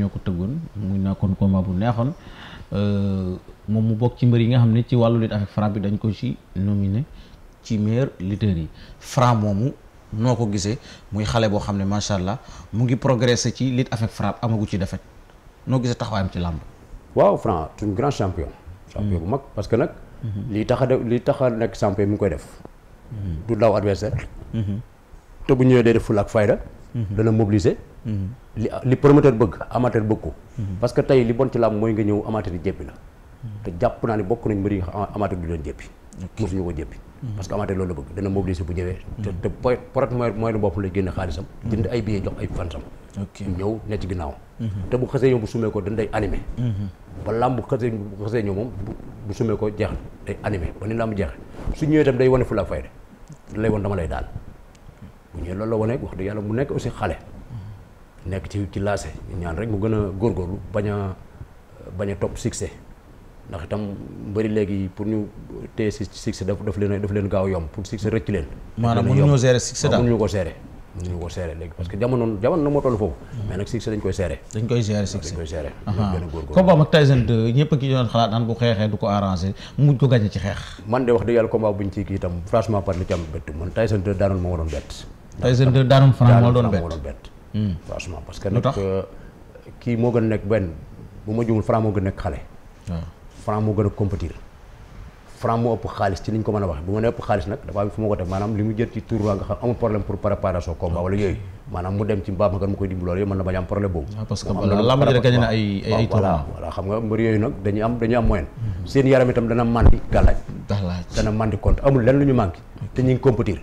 ñoo ko tëggoon mu nekkoon combat bu neexoon euh, moom mu bokk ci mbër yi nga xam ne ci wàllu lutte avec Franc bi dañ ko ci nominé ci meilleur lutteur yi Franc moomu noo ko gisee muy xale boo xam ne macha allah mu ngi progressé ci lutte avec Franc amagu ci defet noo gisee taxawaayam ci làmb. waaw Franc c'est un grand champion. champion bu mag parce que nag. Mhm. lii tax a lii tax a nekk champion mi ngi koy def. Mhm. du daw adversaire mhm. te bu ñëwee day def ful ak fayda. Mhm. dana mobiliser. Mhm. li li promoteur bëgg amateur bëgg ko. Mhm. parce que tey li bon ci làmb mooy nga ñëw amateur yi la. te jàpp naa ne bokk nañ mbir yi nga amateur du leen jéppi. mosuñu ko jéppi. la day animé. ba làmb bu xasee bu bu sumee ko jeex day animé ba ni làmb jeex su ñëwee itam day wane fu la fayda lay woon dama lay daal. bu ñëwee loolu la wane wax dëgg yàlla mu nekk aussi xale. nekk ci ci laase ñaan rek mu gën a góorgóorlu bañ a bañ a topp succès ndax itam mbëri léegi pour daf daf leen daf leen gaaw yomb pour succès rëcc leen. maanaam mënuñoo gérer succès daal mënuñu ko gérer. ko gérer léegi parce que jamono jamono moo toll foofu. Hmm. mais nag succès dañ koy gérer. dañ koy gérer succès dañ a góorgóorlu combat ak Tyson 2 ñëpp a ngi xalaat naan bu xeexee du ko arrangé muñ ko gagné ci xeex. man de wax dëgg yàlla combat buñ ci kii itam franchement parle Tyson 2 daanul Franc moo doon bett moo hmm. euh, moo gën a nekk benn bu ma jumul Franc moo gën a xale ah. Franc moo gën a compétir Franc moo ëpp xaalis ci liñ ko mën a waxee bu ma nee ëpp xaalis nag dafa am fu ma ko def amul problème pour préparation combat ah. wala yooyu maanaam mu dem ci Babacar mu koy dimbali loolu mën na bañ am problème boobu ah, parce que lamb ji gañ na ay am dañuy am moyen seen yaram itam dana mandi gàllaaj dana mandi compte amul lenn lu ñu manqué te ñu ngi compétir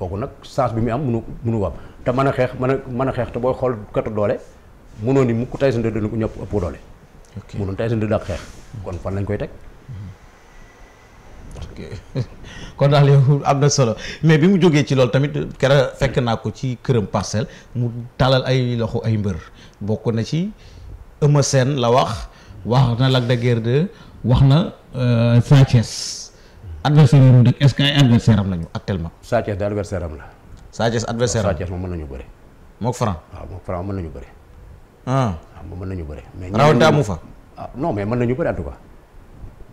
kooku nag saas bi mu am munu mënu ko am te mën a xeex man a mën a xeex te booy xool katu doole mënoon ni mukk Tyson 2 dina ko ñëpp ëpp doole. ok mënoon Tyson 2 xeex kon fan lañ koy teg. kon daal am na solo mais bi mu jógee ci loolu tamit keroog fekk naa ko ci këram parcelle mu talal ay loxo ay mbër bokk na ci Eumeu Sène la wax wax na Lac de Guiers wax na euh, Sa adversaire yi mu dëkk est ce que ay adversaire am lañu actuellement. Sa Thiès de adversaire am la. Sa Thiès adversaire am Sa Thiès moom mën nañu bëre. mook Franc waaw mook Franc mën nañu bëre. ah moom mën nañu bëre. mais rawante amu fa. ah non mais mën nañu bëre en tout cas.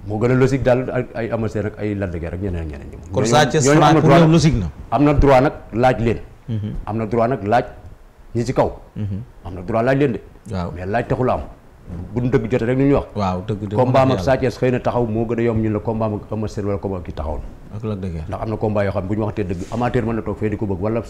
moo gën a logique daal ak ay amateurs ak ay Lac de Guiers ak ñeneen ak ñeneen. kon Sa Thiès Franc pour yow logique na. am na droit nag laaj leen. Mhm. am na droit nag laaj ñi ci kaw. Mhm. am na droit laaj leen de. waaw mais laaj taxul am. bu ñu dëgg jotee rek ñu wax. waaw dëgg combat ak Sa moo gën a yomb ñun la combat ak Eumeu Sène wala combat ki taxaw na. am na combat yoo xam na toog fee di mhm.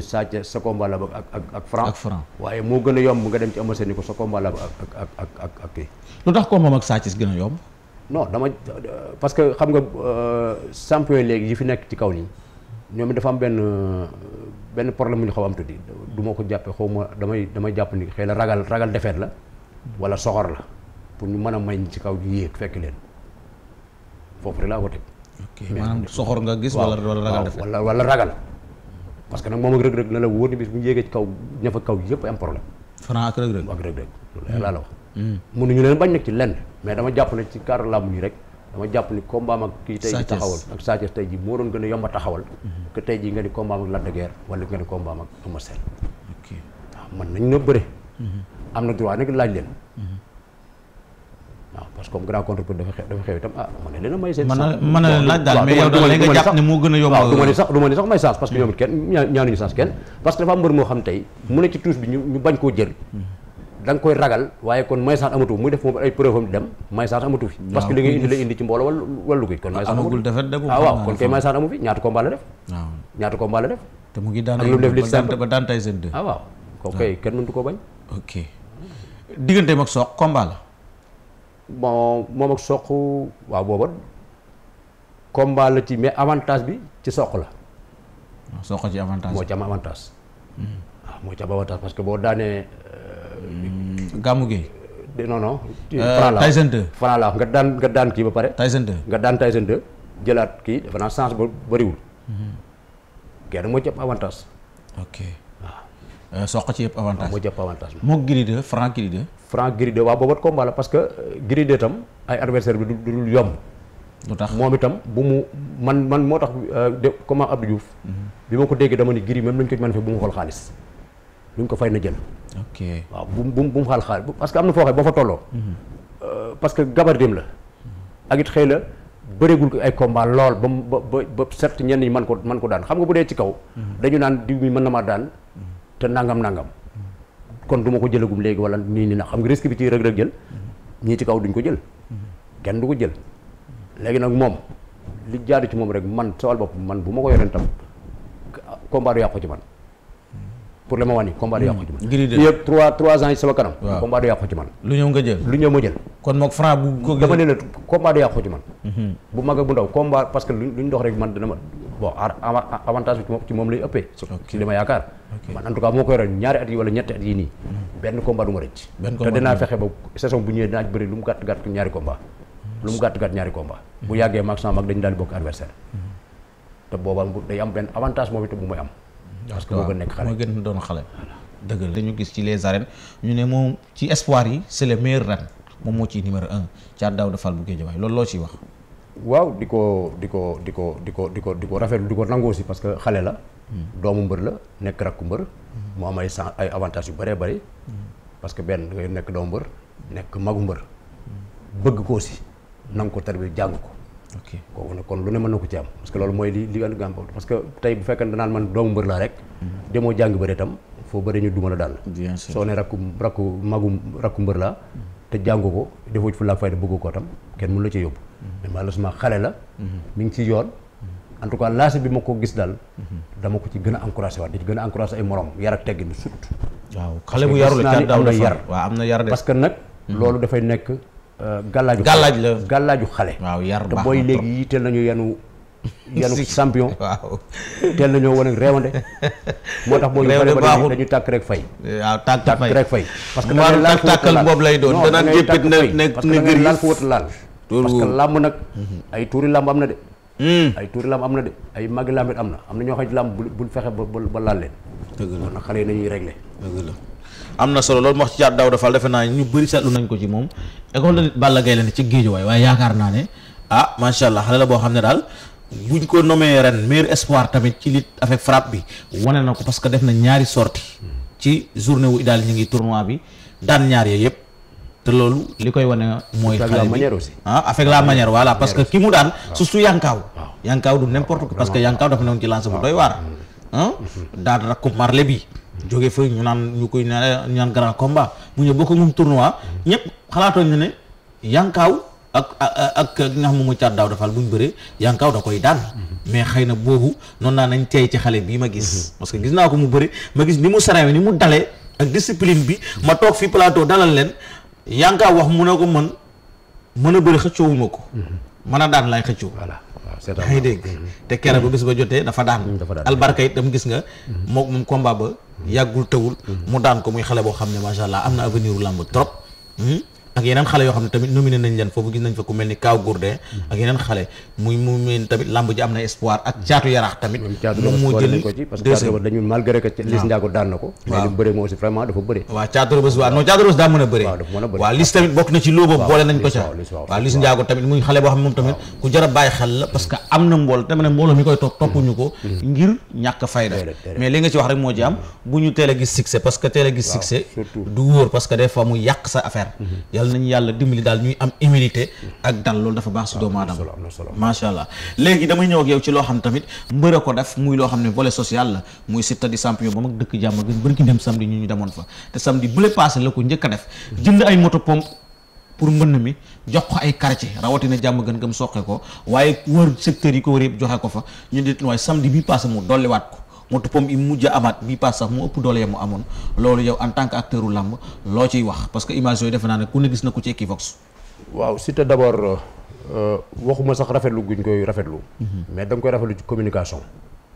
Sa Thiès ak Franc. ak Franc waaye moo gën a yomb nga dem ci Eumeu ni ko sa combat ak ak ak ak gën a yomb non dama parce que xam nga euh, champion léegi yi fi nekk ci kaw nii ñoom dafa am benn benn problème bu ñu xaw am tuddi du ma ko jàppee xaw ma damay damay jàpp ni xëy na ragal ragal defeet la wala soxor la pour ñu mën a mañ ci kaw ji yéeg fekk leen foofu rek laa ko teg. ok maanaam soxor nga gis. wala wala ragal defeet wala ragal. parce que nag moom ak rëg-rëg na la wóor ni bis bu ñu yéegee kaw ña kaw yëpp am problème. Franc ak rëg-rëg ak rëg laa la wax. Mm. mënuñu leen bañ nag ci lenn mais dama jàpp ne ci cadre làmb yi rek dama jàpp ni combat am ak kii tey ji Sa tey ji moo doon gën a a taxawal mm-hmm. tey ji nga ni combat am ak Lac de nga ni combat ak Eumeu Sène waaw mën nañ na bëre mm-hmm. am na droit laaj leen mm-hmm. waaw parce comme grand contre dafa xew dafa xew itam ah ma ne leen a may seen mën na leen laaj daal mais ne moo gën a yomb du ma ni sax du ni sax may chance parce que ñoom it kenn ñaanuñu kenn parce dafa mbër moo xam tey mu ne ci tuus bi ñu bañ koo jël da koy ragal waaye kon may chance amatu muy def moom ay preuve di dem may chance amatu fi parce que li ngay indi la indi ci mbooloo wala wàllu gi kon may chance amagul ah, fi ñaata combat la def te mu ngi daan ak lu def li ba daan tay seen deux ah waaw kon kay kenn mëntu koo bañ ok digganteem ak soq combat la moom ak soq waaw booba combat ci mais avantage bi ci soq la soq ci avantage moo ci am hmm. ah, moo ci am avantage parce que boo daanee euh, Mm. Gamou Gueye. non non. Franc euh, la Tyson 2. nga daan nga daan kii ba pare. Tyson 2 nga daan Tyson 2 jëlaat kii dafa naa chance ba bëriwul. Mm-hmm. kenn moo jëpp avantage. ok waaw. Ah. Euh, soq ci yëpp avantage moo jëpp avantage. moo Gris 2 Franc Gris 2. Franc Gris 2 waaw parce que euh, Gris 2 tam ay adversaire bi du du yomb. lu tax moom itam bu mu man man moo tax de comment Abdou Diouf. Mm-hmm. bi ma ko déggee dama ni Gris même nañ ko mën a bu mu xool xaalis ok waaw bu bu bu mu xaal xaal parce que am na foo xam boo fa tolloo. Mhm. parce que gabar dem la. Mhm. ak it xëy na bëreegul ko ay combat lool ba mu ba ba certes ñenn ñi man ko man ko daan xam nga bu dee ci kaw. Mhm. dañu naan di mi mën na maa daan te nangam nangam. kon du ma ko jëlagum léegi wala nii nii na xam nga risque bi ci Reug Reug jël ñii ci kaw duñ ko jël. kenn du ko jël. léegi nag moom li jaadu ci moom rek man sawal bopp man bu ma ko yoreen tam combat du yàqu ci man. pour le moment nii combat du hmm. yàqu ci man. ngir yëpp sama kanam. waaw du yàqu ci man. lu ñëw nga jël lu ñëw ma jël. kon moog franc bu ko. dama ne la du yàqu ci man. Hmm. bu mag ak bu ndaw combat parce que lu ñu dox rek man dana ma bon avantage ci moom lay ëppee. ci li ma yaakaar. man en tout cas moo koy yor ñaari at yi wala ñetti at yi nii. Hmm. benn combat du ma rëcc. te dinaa fexe ba saison bu ñëwee dinaa bëri lu mu gàtt gàtt ñaari combat. lu ñaari combat. bu yàggee mag sa mag dañu daal di bokk adversaire. am benn avantage moom it bu am parce que moo gën nekk xale doon xale. dëgg la gis ci les arènes ñu ne moom ci espoir yi c'est le meilleur ren moom moo ci numéro un Thiat Daouda Fall bu Guédiawaye loolu loo ciy wax. waaw di ko di ko di ko di ko di ko di ko rafetlu di ko nangoo si parce que xale la. Hmm. doomu mbër la nekk rakku mbër. Hmm. mu am ay sans ay avantages yu bëree bëri. Hmm. parce que benn dangay nekk doomu mbër nekk magu mbër. bëgg ko si nangu ko tarbi jàng ko. kooku nag kon lu ne mën na ko ci am parce loolu mooy li li and gàmp parce que bu fekkee mm-hmm. la daan mm-hmm. ko defoo ci fu la fayda bëggu ko tam kenn la ci yóbbu mm-hmm. mais malheureusement xale la mi ngi ci yoon en tout cas bi ma ko gis daal dama ko ci gën a encouragé waat di ci a encouragé ay morom yar ak teggin surtout waaw xale bu nag loolu dafay nekk Euh, gàllaaju gàllaaj la gàllaaju xale waaw yar te booy léegi yi teel nañu yanu yanu champion waaw teel nañoo wane ak réewande moo tax boo bari bari dañu tàkk rek fay eh, waaw tàkk rek fay parce que da laal tàkkal boobu lay doon danaan yëppit ne ne parce que laal ko wata laal parce làmb nag mm-hmm. mm. ay tuuri làmb am na de ay tuuri làmb am na ay màggi làmb am na am na ñoo xam ne làmb bul fexe ba ba laal leen dëgg la nag xale yi nañuy réglé am na solo loolu mu wax ci Thiat Daouda Fall defe naa ñu bëri seetlu nañ ko ci moom école de lutte Balla Gaye la ne ci géej waay waaye yaakaar naa ne ah macha allah xale la boo xam ne daal buñ ko nommé ren meilleur espoir tamit ci lutte avec frappe bi wane na ko parce que def na ñaari sortie ci journée wu daal ñu ngi tournoi bi daan ñaar yooyu yëpp te loolu li koy wane mooy xale bi ah avec la manière voilà parce que ki mu daan surtout yankaaw yankaaw du n'importe quoi parce que yankaaw dafa newoon ah, bi jóge fa ñu naan ñu koy naan ñu naan grand combat mu ñëw bokk ñum tournoi ñëpp xalaatoon ñu ne yankaaw ak ak ak nga xam ne caat daaw dafal bu ñu bëree yankaaw da koy daan mhm. mais xëy na boobu noon naa nañ tey ci xale bii ma gis mhm. parce que gis naa ko mu bëri ma gis ni mu sarawe ni mu dalee ak discipline bi ma toog fi plateau dalal leen yankaaw wax mu ne ko mën mën a bëri xëccoowuma ko mhm. mën a daan laay xëccoo voilà yaa ngi dégg mm-hmm. te keroog bu bis ba jotee dafa daan mm, albarka it dam gis nga mook moom combat ba mm-hmm. yàggul tawul mm-hmm. mu daan ko muy xale boo xam ne macha allah am na avenir u làmb trop ak yeneen xale yoo xam ne tamit nominé nañ leen foofu gis nañ fa ku mel ni Kaaw Gourdin ak yeneen xale muy mu mel tamit làmb ji am na espoir ak caatu yaraax tamit moom moo jël dafa bëree waaw caatu rëbës waaw non daa mën a bëree waaw Liss tamit bokk na ci looba boole nañ ko ca waaw Liss Ndiago tamit muy xale boo xam moom tamit ku jar bàyyi xel parce que am na mbool tamit mbooloo mi koy toppuñu ko mm-hmm. ngir ñàkk fayda mais li nga ci wax rek moo yal nañu yàlla dimbali daal ñuy am humilité ak dal loolu dafa baax si doomu aadama macha allah léegi damay ñëw ak yow ci loo xam tamit mbër a ko def muy loo xam ne volet social la muy Siteu di champion ba mag dëkk jàmm gën bërki dem samedi ñu ñu demoon fa te samedi bu le passé la ko njëkk a def jënd ay moto pompe pour mbënn mi jox ko ay quartier rawatina jàmm gën gëm soqe ko waaye wër secteur yi ko wër yëpp joxe ko fa ñu dit waaye samedi bi passé mu dolliwaat ko moo toppam i mujj amaat bi pass sax mu ëpp doole ya mu amoon loolu yow en tant que acteur u làmb loo ciy wax parce que image yooyu defe naa ne ku ne gis na ko ci Equivox waaw Siteu d'abord euh, waxuma sax rafetlu guñ koy rafetlu mhm. mais da koy rafetlu ci communication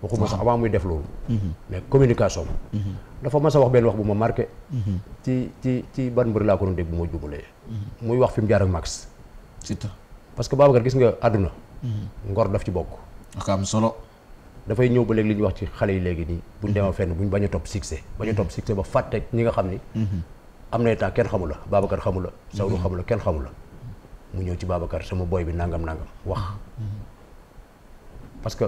waxuma sax avant muy def loolu mhm. mais communication mhm. dafa ma a wax benn wax bu ma marqué ci ci ci ban mbër laa ko doon dégg bu ma jubalee muy wax fi mu jaar ak Max Siteu parce que Babacar gis nga àdduna ngor daf ci bokk ak dafay ñëw ba léegi li ñuy wax ci xale yi léegi nii buñ demee fenn buñ bañ a topp succès bañ a topp succès ba fàtte ñi nga xam ni mhm. am na temps kenn xamu la xamula Babacar xamula Sawru mhm. xamula kenn la mu ñëw ci Babacar sama booy bi nangam nangam wax mhm. parce que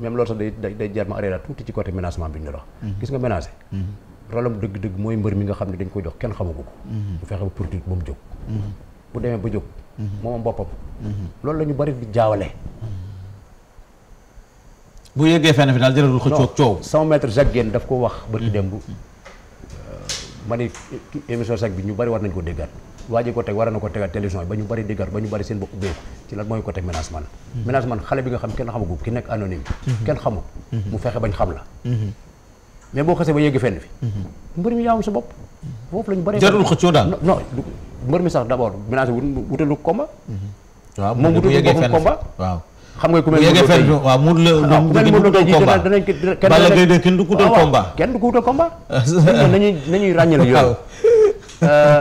lool euh, loolu sax day day jaar ma arrêté tuuti ci côté ménagement bi ñu doon gis nga ménager rolam dëgg-dëgg mooy mbër mi nga xam ne dañ koy jox kenn xamagu ko bu fexe ba produit ba mu jóg bu demee ba jóg moom boppam loolu la ñu bari jaawale bu yeggee fenn fi daal jërëjëf xëccoo ak coow. sama maître Jacques Guène daf ko wax ba ci démb. Mm-hmm. Euh, ma ne émission Jacques bi ñu bari war nañ ko déggaat. waajee ko teg war na ko tegaat télévision ba ñu bari déggaat ba ñu bari seen bopp ubbeeku ci lan mooy côté ménagement. ménagement mm-hmm. xale bi nga xam kenn xamagu mm-hmm. mais boo xasee ba fenn fi. mbër mi yaa am sa bopp. foofu la ñu bari jarul xëccoo daal mbër mi sax d' abord ménage wutalu combat. waaw moom wutalu boppam combat waaw. xam nga ku mel ni waaw mu la ah, Balla Gaye de kenn du ko wutal combat kenn du ko wutal combat nañuy ah, nañuy ràññale yooyu euh,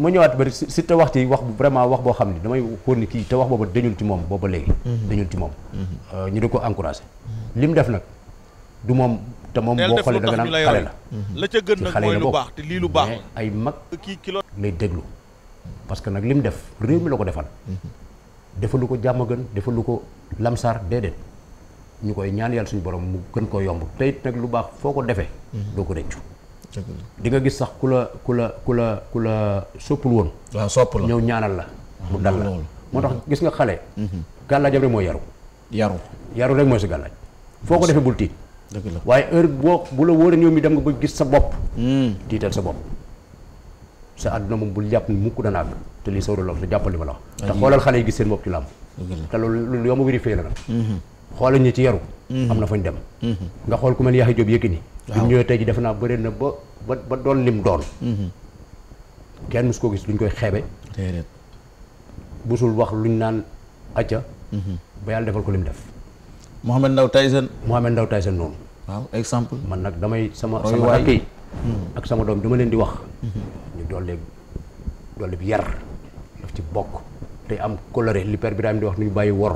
mu ñëwaat bari si te wax ci wax vraiment wax boo xam ne damay xóor ni kii te wax booba dañul ci moom booba léegi mhm. dañul ci moom mhm. euh, ñu di ko encouragé li mu def nag du moom te moom boo xoolee da nga naan xale la mhm. la ca gën nag mooy baax te lii lu baax ay mag lay déglu parce que nag li mu def réew mi la ko defal defalu ko jàmm gën defalu ko lamsar déedéet ñu koy ñaan yàlla suñu borom mu gën ko yomb tey it nag lu baax foo ko defee. Mhm. doo ko rëccu. di nga gis sax ku la ku la ku la ku la soppul woon. waaw sopp ñëw ñaanal la. mu dal la moo tax mhm. gis nga xale. Mhm. gàllaajam rek mooy yaru. yaru yaru rek mooy si gàllaaj. foo ko defee bul tiit. dëgg waaye heure boo bu la wóoree ñoom mi dem nga ba gis sa bopp. tiital sa bopp. sa àdduna moom bul jàpp ni mukk dana àgg te lii sawru la te jàppal li ma la wax te xoolal xale yi gis seen bopp ci làmb te loolu loolu yoo ma vérifié la nag mhm. xoolal ñi ci yaru mhm. am na fañ dem mhm. nga xool ku mel Yaxya Jóob Yékini bi mu ñëwee tey ji defe naa bëri na ba ba ba doon lim doon kenn musu koo gis luñ koy xeebe busul wax luñ naan acca ba defal ko lim def Mohamed Ndao Tyson Mohamed Ndao Tyson noonu exemple man nag damay sama sama rakk yi ak sama doom dama leen di wax doole doole bi yar daf ci bokk tey am coloré liper bi Birame di wax nu ñu bàyyi wor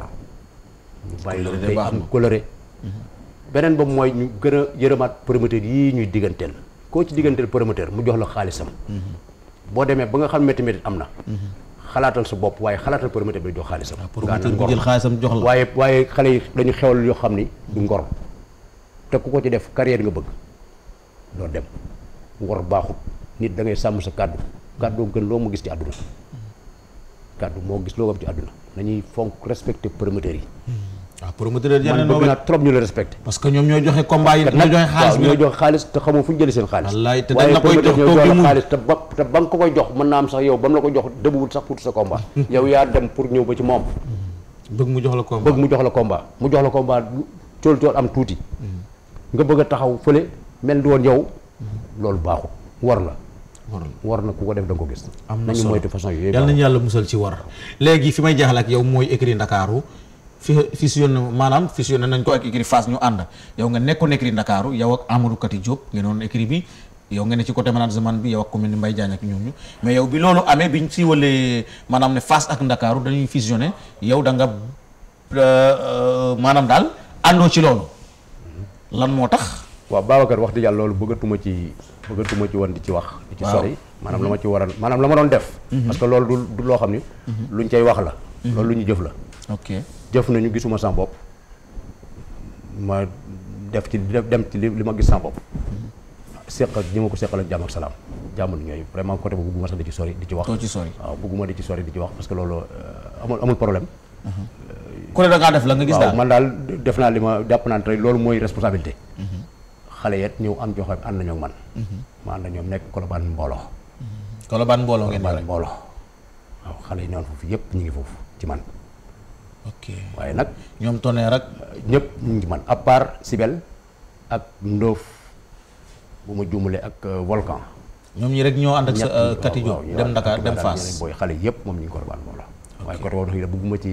ñu bàyyi wor tey am coloré mhm. beneen boobu mooy ñu gën a yërëmaat promoteur yii ñuy digganteel koo ci digganteel promoteur mu jox la xaalisam mhm. boo demee ba nga xam métti métti am na mhm. xalaatal sa bopp waaye xalaatal promoteur bi jox xaalisam ah, promoteur bi jël xaalisam jox waaye waaye xale yi dañu xewal yoo xam ni du ngor te ku ko ci def carrière nga bëgg doo dem wor baaxut nit da ngay sàmm sa kàddu kàddu gën loo ma gis ci àdduna kàddu moo gis loo am ci àdduna nañuy fonk respecté promoteurs yi. waaw hmm. ah, promoteurs yi man bëgg naa trop ñu la respecté. parce que ñoom ñoo joxe combat yi ñoo joxe xaalis bi ñoo joxe xaalis te xamoo fu ñu seen xaalis. te dañ koy jox toog waaye promoteurs ba te ko koy jox mën naa am sax yow ba mu la ko jox dëbuwul sax pour sa combat. Hmm. yow yaa dem pour ñëw ba ci moom. Hmm. bëgg mu jox la combat bëgg mu jox la combat mu jox la combat cool cool am tuuti. nga bëgg a taxaw fële mel ni woon loolu baaxul war la. war na ku ko def da nga ko gis. am na solo nañu moytu façon yooyu. yal nañu yàlla musal ci war. léegi fi may jaaxal ak yow mooy écrit Ndakaaru fi fusionné maanaam fusionné nañ ko écrit Fass ñu ànd yow nga nekkoon écrit Ndakaaru yow ak Amadou Kati ngeen doon écrit bi. yow nga ne ci côté management bi yow ak commune Mbaye Diagne ak ñooñu mais yow bi loolu amee biñ siiwalee maanaam ne Fass ak Ndakaaru dañuy fusionné yow da nga euh, euh, maanaam daal àndoo ci loolu lan moo tax. waaw Babacar wax dëgg yàlla loolu bëggatuma ci bëggatuma ci woon di ci wax di ci sori maanaam la ma ci waroon maanaam la ma doon def mhm. parce que loolu du loo xam ni mhm. luñ cay wax la mhm. loolu lu ñu jëf la ok jëf nañu gisuma sama bopp ma def ci dem ci li ma gis sama bopp seq ak ñi ma ko seqal ak jàmm ak salaam jàmm ñooy vraiment côté boobu bëgguma sax di ci sori di ci wax waaw bëgguma di ci sori di ci wax parce que loolu euh, amul amul problème ku ne def la nga gis daal man daal def naa li ma jàpp naa tey loolu mooy responsabilité xale yet ñëw am joxe ànd nañoo ak man. Mhm. ma ànd ñoom nekk Colobane Mbolo. Mhm. Colobane Mbolo ngeen Colobane Mbolo. waaw xale yi ne woon foofu yëpp ñu ngi foofu ci man. ok waaye nag. ñoom tonnerre rek eh, ñëpp ñu ngi man à part Sibel ak Ndoof bu ma juumalee ak eh, Volcan. ñoom ñi rek ñoo ànd ak sa kati eh, dem Dakar dem Fass. booy xale yëpp moom ñu ngi Colobane Mbolo. waaye côté boobu dafa bëgguma ci.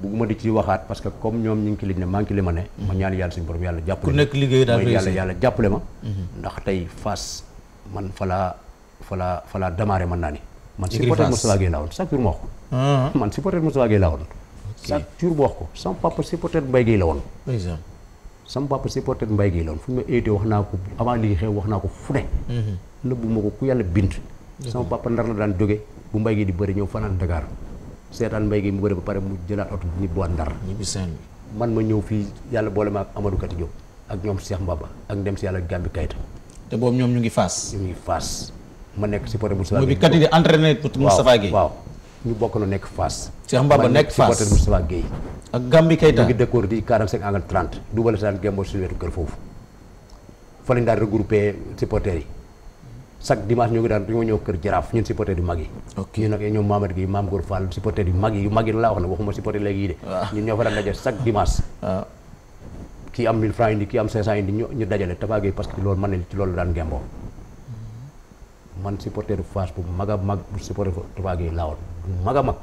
bugguma di ci waxaat parce que comme ñoom ñu ngi ci liñ ne maa ngi ci li ma ne ma ñaan yàlla suñu borom yàlla jàppale ma mhm. ndax tey Fass man falaa falaa falaa démarré mën naa ni man supporter Moustapha Gueye laa woon chaque jour ma ah. man supporter Moustapha laa woon chaque jour ma wax ko sama papa supporter Mbaye Gueye la woon sama papa supporter mbay Gueye la woon fu ñu ma éetee wax naa ko avant lii xew wax naa ko fu ne mhm. nëbbu ma ko ku yàlla bind sama papa ndar la daan jóge bu Mbaye Gueye di bëri ñëw fanaan seetaan mbay gi mu bëri ba pare mu jëlaat oto bi ñibbiwaat ndar. ñibbi seen man ma ñëw fii yàlla boole ak Amadou Kati Diop ak ñoom seex Cheikh ba ak ndem si yàlla Gambi Kayta. te boobu ñoom ñu ngi faas. ñu ngi faas ma nekk supporter Moustapha Gueye. mooy bi Kati di entraîné pour Moustapha Gueye. waaw ñu bokk na nekk faas. Cheikh Mbaba nekk faas ma nekk supporter ak Gambi Kayta ñu ngi décor di 45 angle 30. duubal saan gembo suñu wetu kër foofu fa lañ daal regroupé supporter yi chaque dimanche ñoo ngi daan ñoo ñëw kër jaraaf ñun supporter yu mag yi ñu nag ñoom Mamadou Gueye Mame Gour Fall supporter yu mag yi yu mag yi laa wax nag waxuma supporter léegi yi ñu dajale Tapha Gueye parce que loolu man ne ci loolu la daan ngemboo mm-hmm. man supporter du Fass bu mag a mag bu supporter Tapha Gueye laa woon mag a mag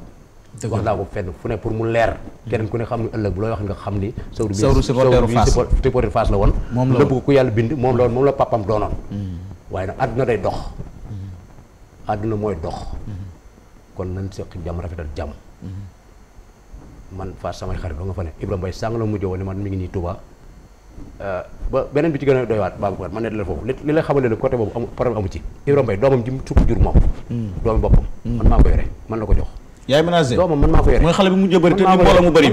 wax naa ko fenn fu ne pour mu leer mm-hmm. keneen ku ne xam ne ëllëg bu looy wax nga xam ni sawru bi supporter Fass la woon lépp ku yàlla bind moom la woon moom la papam doonoon mm-hmm. waaye nag àdduna day dox àdduna mooy dox kon nañ seq jàmm rafetal jàmm man fa samay xarit doo nga fa ne Ibrahima Mbaye sàng la mujjee woon man mi ngi nii Touba euh, ba beneen bi ci gën a doy waat Babacar man ne la foofu li lay xamal ne côté boobu am problème amu ci Ibrahima Mbaye doomam ji sukk jur moom doomu boppam man maa ko yore man la ko jox yaay ménagé doomam man maa ko yore mooy xale bi mujjee bëri te ni mbooloo mu bëri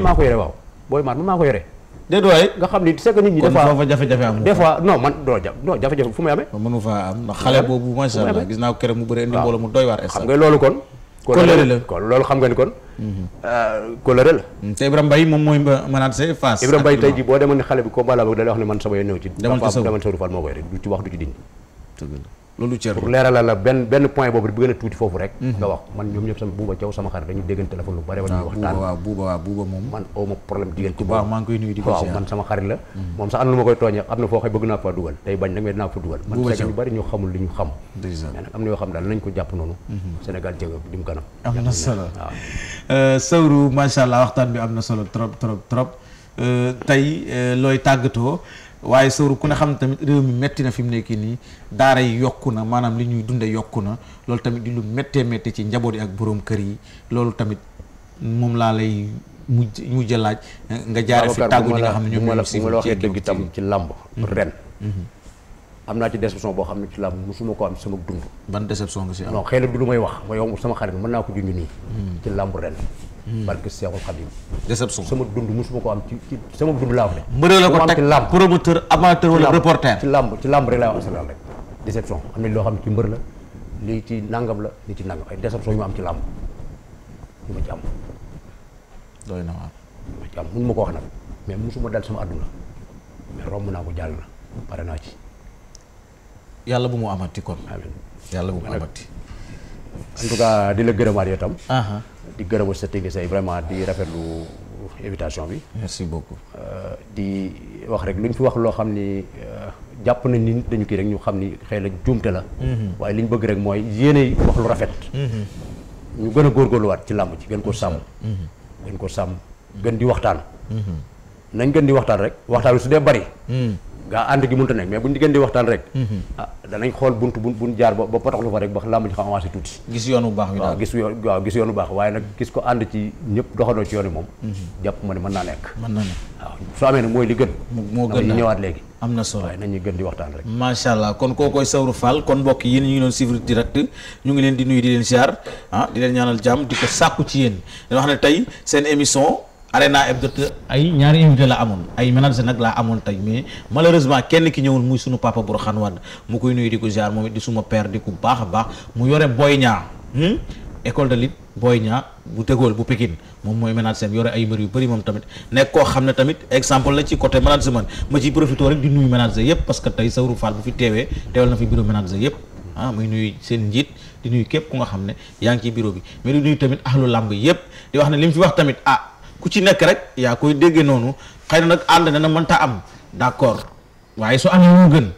man maa ko yore de waay nga xam ni c'est que nit ñi. des fois am. des fois non man doo ja non jafe-jafe fu muy amee. mënu faa am ndax xale ah. boobu macha gis naa ko keroog mu bëri indi mbooloo mu doy waar. xam nga loolu loolu kon. coloré mhm. euh, la. Mm, te Ibrahima Mbaye moom mooy mënaat say face. Ibrahima Mbaye tey boo demoon ne xale bi combat la da wax ne man sama yoon ñëw ci. demal ci Sow moo koy rek du ci wax du ci dindi. loolu cër pour leeralal la benn benn point boobu bu gën a tuuti foofu rek nga wax man ñoom ñëpp sama buuba Thiaw sama xarit ma la hmm. moom sax am na lu ma koy tooñee am na foo xëy bëgg naa faa dugal tey bañ nag mais fa dugal man ñu bari ñu hmm. kanam am na solo waaw euh, Sawru macha allah waxtaan bi am na solo trop trop trop euh, tey euh, looy tàggatoo waaye sawru ku ne xam ne tamit réew mi metti na fi mu nekk nii daara yi yokku na maanaam li ñuy dunde yokku na loolu tamit di lu méttee méttee ci njaboot yi ak boroom kër yi loolu tamit moom laa lay mujj mujj laaj nga jaare fi tàggu ñi nga xam ne ñoom ñoo si ma la waxee dëgg itam ci làmb mm-hmm. ren mm-hmm. am naa ci déception boo xam ne ci làmb musuma ko am sama dund ban déception nga si am non xëy na du lu may wax ma yow sama xarit mën naa ko junj nii mm-hmm. ci làmb ren Mm. barke Seexul Xadim desab sum sama dund mosuma ko am ci ci sama dund laa am rek mbëre la ko teg làmb promoteur amateur wala ci làmb ci làmb rek laa am Sénégal rek déception am na loo xam ne ci mbër la lii ci nangam la lii ci nangam ay déception ñu am ci làmb ñu ma ci am doy na waar ma mun ma ko wax nag mais mosuma dal sama àdduna mais romb naa ko jàll na pare naa ci yàlla bu mu amati kon amiin yàlla bu mu amati en tout cas di la gërëmaat yow tam. Ah, ah. di gërëma sa tëgg say vraiment di rafetlu invitation bi. merci beaucoup. Euh, di wax rek lu ñu fi wax loo xam ni euh, jàpp na ni dañu kii rek ñu xam ni xëy na juumte la. Mhm. waaye li ñu bëgg rek mooy yéenay wax lu rafet. Mhm. ñu gën a góorgóorluwaat ci làmb ji gën koo sàmm. Mhm. gën koo sàmm gën di waxtaan. nañ gën di waxtaan rek waxtaan bi su dee bari. gaa ànd gi mënta nekk mais buñu diggante di waxtaan rek mhm. ah, danañ xool buntu bu buñ jaar ba potoxlu fa rek ba làmb xam avancé tuuti gis yoon waaw baax waaye nag gis ko ànd ci ñëpp doxandoo ci yoon yi moom mhm. jàpp ma ne mën naa nekk mën amee nag mooy li gën moo gën ñu ñëwaat léegi am na solo waaye nañuy gën di waxtaan rek macha allah kon koo koy Saourou Fall kon mbokk yéen ñu doon suivre direct ñu ngi leen di nuyu di leen ziar ah di leen ñaanal jàmm di ko sàkku Arena Hebdo ay ñaari invité la amoon ay manager nag laa amoon tey mais malheureusement kenn ki ñëwul muy suñu papa Bourkhane Wade mu koy nuyu di ko ziar moom it di suma père ku baax a baax mu yore Boy Niang hmm? école de lutte Boy Niang bu tegool bu Pikine moom mooy manager yore ay mbër yu bëri moom tamit nekk koo xam ne tamit exemple la ci côté management ma ciy profité rek di nuyu manager yëpp parce que tey Saourou Fall bu fi teewee teewal na fi bureau manager yëpp ah muy nuyu seen njiit di nuyu képp ku nga xam ne yaa ngi ci bureau bi mais di nuyu tamit ahlu làmb yëpp ku ci nekk rek yaa koy déggee noonu xëy na nag ànd na na mënta am d'accord waaye su amee moo gën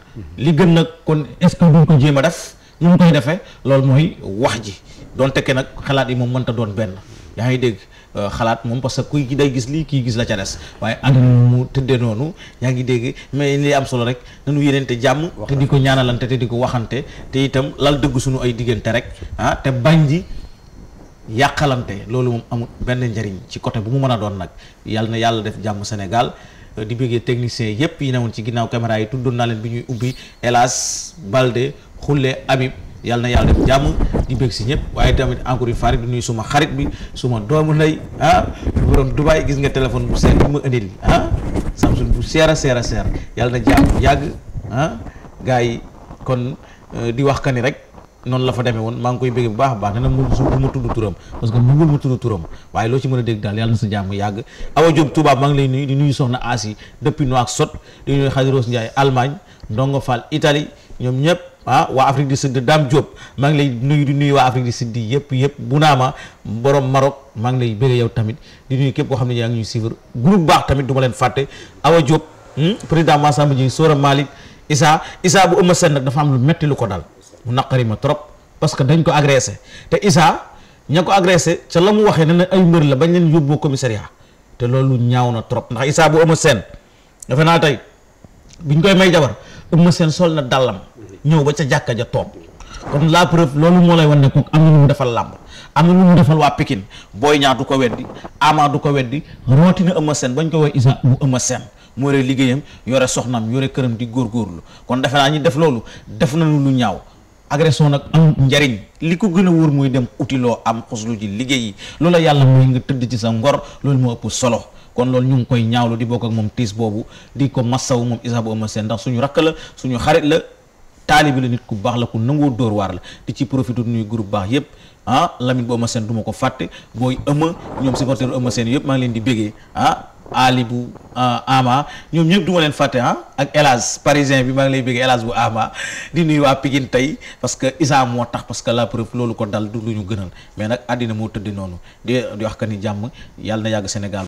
li gën nag kon est duñ ko jéem a def ñu ngi koy defee loolu mooy wax ji doon ke nag xalaat yi moom mënta doon benn yaa ngi dégg euh, xalaat moom parce que kuy day gis lii kii gis la ca des waaye àdduna mu tëddee noonu yaa ngi dégg mais li am solo rek nañu yéneente jàmm te di ko ñaanalante te di ko waxante te itam lal dëgg suñu ay diggante rek ah bañ ji yàqalante loolu moom amul benn njariñ ci côté bu mu mën a doon nag yàlla na yàlla def jàmm Sénégal di bëggee technicien yépp yi newoon ci ginnaaw caméra yi tund naa leen bi ñuy ubbi hélas Balde Xulle Habib yàlla na yàlla def jàmm di bëgg si ñëpp waaye tamit encore une fois di nuyu suma xarit bi suma doomu ndey ah borom Dubaay gis nga téléphone bu seer bi ma indil ah Samsung bu seer a seer a seer yàlla na jàmm yàgg ah gars yi kon euh, di wax ka ni rek. noonu la fa demee woon maa ngi koy bëgg bu baax a baax ne na mu bu ma tudd turam parce que mungul ma tudd turam waaye loo ci mën a dégg daal yàlla na sa jàmm yàgg Awa Diop Touba maa ngi lay nuyu di nuyu soxna Asi depuis Nouakchott di nuyu Khady Rose ñoom ñëpp ah waa Afrique du Sud Dame Diop maa ngi lay nuyu di nuyu waa Afrique du Sud yëpp yëpp bu naama borom Maroc maa ngi lay bëgg yow tamit di nuy képp koo xam ne yaa ngi ñuy suivre groupe baax tamit du ma leen fàtte Awa Diop hmm, président Massamba Dieng Sora Malick Issa Issa bu ëmma seen nag dafa am lu metti ko dal mu naqari ma trop parce que dañ ko agressé te Issa ña ko agressé ca la mu waxee ne na ay mbër la bañ leen yóbbu commissariat te loolu ñaaw na trop ndax Issa bu Eumeu seen defe naa tey biñ koy may jabar Eumeu seen sol na dàllam ñëw ba ca jàkka ja toog kon la preuve loolu moo lay wan ne am na lu mu defal làmb am na lu mu defal waa Pikine Boy Niang du ko weddi Ama du ko weddi rawatina Eumeu Sène bañ ko woowee Issa bu Eumeu Sène mu yore liggéeyam yore soxnaam yore këram di góorgóorlu kon defe naa ñi def loolu def nañu lu ñaaw agression nag am njariñ li ko gën a wóor mooy dem utiloo am xuslu ji liggéeyi loola yàlla mooy nga tëdd ci sa ngor loolu moo ëpp solo kon loolu ñu ngi koy ñaawlu di bokk ak moom tiis boobu di ko massaw moom isa bu ëma seen ndax suñu rakk la suñu xarit la taalibi la nit ku baax la ku nangoo dóor waar la di ci profité nuyu groupe baax yépp ah Lamine bu ëma seen du ko fàtte booy ëma ñoom supporter ëma seen yëpp maa ngi leen di bégee ah. Ali bu euh, Ama ñoom ñëpp du ma leen fàtte ah ak Elaz parisien bi maa ngi lay bëgg Elaz bu Ama di nuyu waa Pikine tey parce que Isa moo tax parce que la preuve loolu ko dal du lu ñu gënal mais nag àddina moo tëdd noonu di di wax que ni jàmm yàlla na yàgg Sénégal